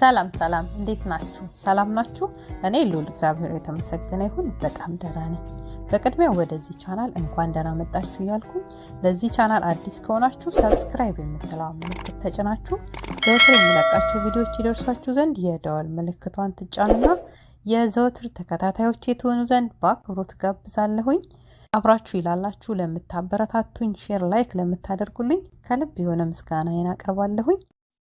ሰላም ሰላም፣ እንዴት ናችሁ? ሰላም ናችሁ? እኔ ልዑል እግዚአብሔር የተመሰገነ ይሁን በጣም ደህና ነኝ። በቅድሚያ ወደዚህ ቻናል እንኳን ደህና መጣችሁ እያልኩኝ ለዚህ ቻናል አዲስ ከሆናችሁ ሰብስክራይብ የምትለው ምልክት ተጭናችሁ ዘወትር የሚለቃቸው ቪዲዮዎች ይደርሷችሁ ዘንድ የደወል ምልክቷን ትጫኑና የዘወትር ተከታታዮች የትሆኑ ዘንድ በአክብሮት ጋብዛለሁኝ። አብራችሁ ይላላችሁ ለምታበረታቱኝ፣ ሼር ላይክ ለምታደርጉልኝ ከልብ የሆነ ምስጋና አቀርባለሁኝ።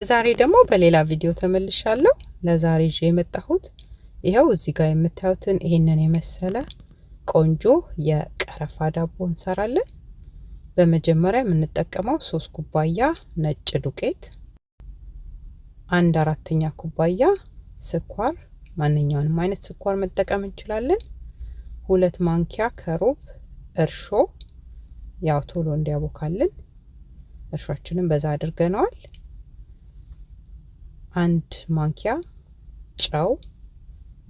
ዛሬ ደግሞ በሌላ ቪዲዮ ተመልሻለሁ። ለዛሬ ይዤ የመጣሁት ይኸው እዚህ ጋር የምታዩትን ይህንን የመሰለ ቆንጆ የቀረፋ ዳቦ እንሰራለን። በመጀመሪያ የምንጠቀመው ሶስት ኩባያ ነጭ ዱቄት፣ አንድ አራተኛ ኩባያ ስኳር፣ ማንኛውንም አይነት ስኳር መጠቀም እንችላለን። ሁለት ማንኪያ ከሩብ እርሾ፣ ያው ቶሎ እንዲያቦካልን እርሾችንም በዛ አድርገነዋል። አንድ ማንኪያ ጨው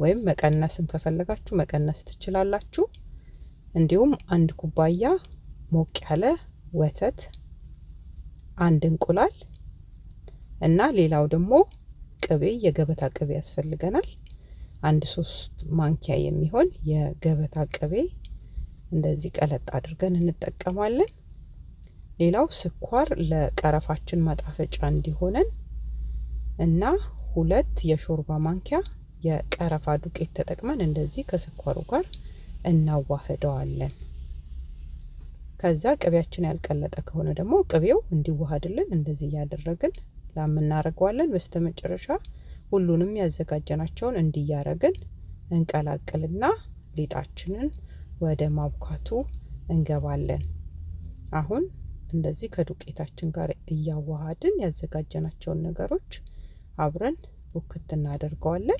ወይም መቀነስም ከፈለጋችሁ መቀነስ ትችላላችሁ። እንዲሁም አንድ ኩባያ ሞቅ ያለ ወተት፣ አንድ እንቁላል እና ሌላው ደግሞ ቅቤ፣ የገበታ ቅቤ ያስፈልገናል። አንድ ሶስት ማንኪያ የሚሆን የገበታ ቅቤ እንደዚህ ቀለጥ አድርገን እንጠቀማለን። ሌላው ስኳር ለቀረፋችን ማጣፈጫ እንዲሆነን እና ሁለት የሾርባ ማንኪያ የቀረፋ ዱቄት ተጠቅመን እንደዚህ ከስኳሩ ጋር እናዋህደዋለን። ከዛ ቅቤያችን ያልቀለጠ ከሆነ ደግሞ ቅቤው እንዲዋሃድልን እንደዚህ እያደረግን ላም እናደርገዋለን። በስተ መጨረሻ ሁሉንም ያዘጋጀናቸውን እንዲያረግን እንቀላቅልና ሊጣችንን ወደ ማብካቱ እንገባለን። አሁን እንደዚህ ከዱቄታችን ጋር እያዋሃድን ያዘጋጀናቸውን ነገሮች አብረን ቡክት እናደርገዋለን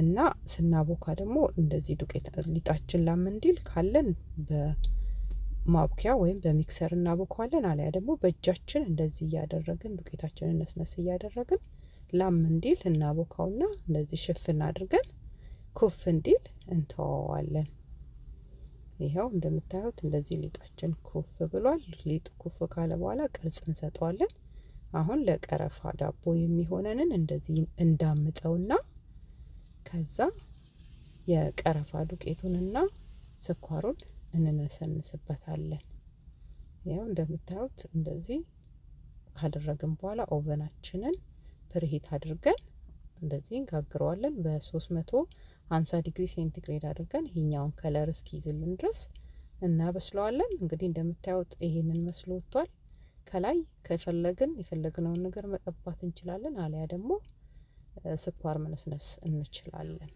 እና ስናቦካ ደግሞ እንደዚህ ዱቄት ሊጣችን ላም እንዲል ካለን በማብኪያ ወይም በሚክሰር እናቦከዋለን። አሊያ ደግሞ በእጃችን እንደዚህ እያደረግን ዱቄታችንን ነስነስ እያደረግን ላም እንዲል እናቦካውና እንደዚህ ሽፍን አድርገን ኩፍ እንዲል እንተዋዋለን። ይኸው እንደምታዩት እንደዚህ ሊጣችን ኩፍ ብሏል። ሊጥ ኩፍ ካለ በኋላ ቅርጽ እንሰጠዋለን። አሁን ለቀረፋ ዳቦ የሚሆነንን እንደዚህ እንዳምጠውና ከዛ የቀረፋ ዱቄቱንና ስኳሩን እንነሰንስበታለን። ያው እንደምታዩት እንደዚህ ካደረግን በኋላ ኦቨናችንን ፕርሂት አድርገን እንደዚህ እንጋግረዋለን። በ350 ዲግሪ ሴንቲግሬድ አድርገን ይህኛውን ከለር እስኪይዝልን ድረስ እናበስለዋለን። እንግዲህ እንደምታዩት ይህንን መስሎ ወጥቷል። ከላይ ከፈለግን የፈለግነውን ነገር መቀባት እንችላለን። አሊያ ደግሞ ስኳር መነስነስ እንችላለን።